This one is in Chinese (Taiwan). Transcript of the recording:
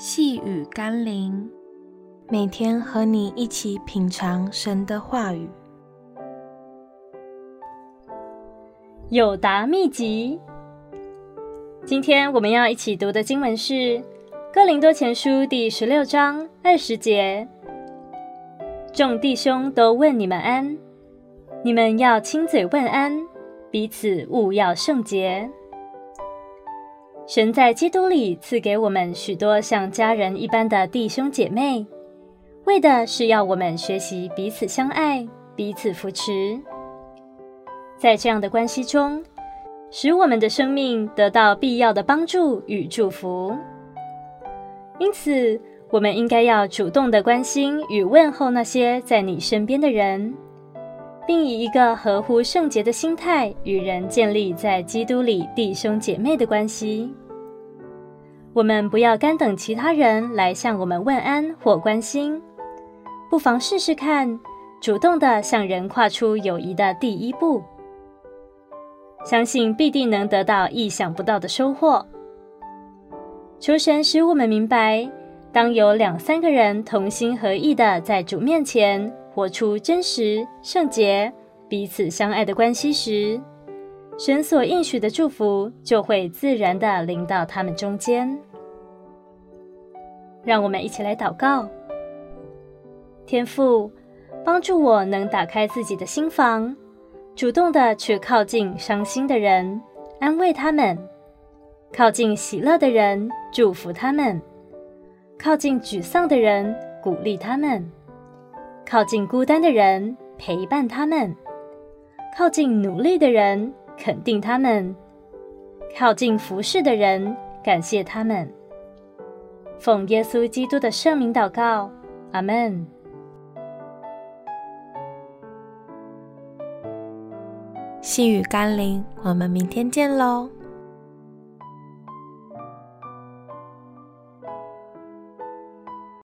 細語甘霖，每天和你一起品嘗神的話語。友達秘笈。今天我們要一起讀的經文是《哥林多前書》第十六章二十節。眾弟兄都問你們安，你們要親嘴問安，彼此務要聖潔。神在基督裡賜給我們許多像家人一般的弟兄姐妹，為的是要我們學習彼此相愛、彼此扶持，在這樣的關係中，使我們的生命得到必要的幫助與祝福。因此，我們應該要主動地關心與問候那些在你身邊的人，並以一個合乎聖潔的心態與人建立在基督裡弟兄姐妹的關係。我們不要乾等其他人來向我們問安或關心，不妨試試看，主動的向人跨出友誼的第一步，相信必定能得到意想不到的收穫。求神使我們明白，當有兩三個人同心合意的在主面前活出真實聖潔、彼此相愛的關係時。神所應許的祝福就會自然地臨到他們中間。讓我們一起來禱告：天父，幫助我能打開自己的心防，主動地去靠近傷心的人，安慰他們；靠近喜樂的人，祝福他們；靠近沮喪的人，鼓勵他們；靠近孤單的人，陪伴他們；靠近努力的人。肯定他們，靠近服事的人，感謝他們。奉耶穌基督的聖名禱告，阿們。細語甘霖，我們明天見嘍。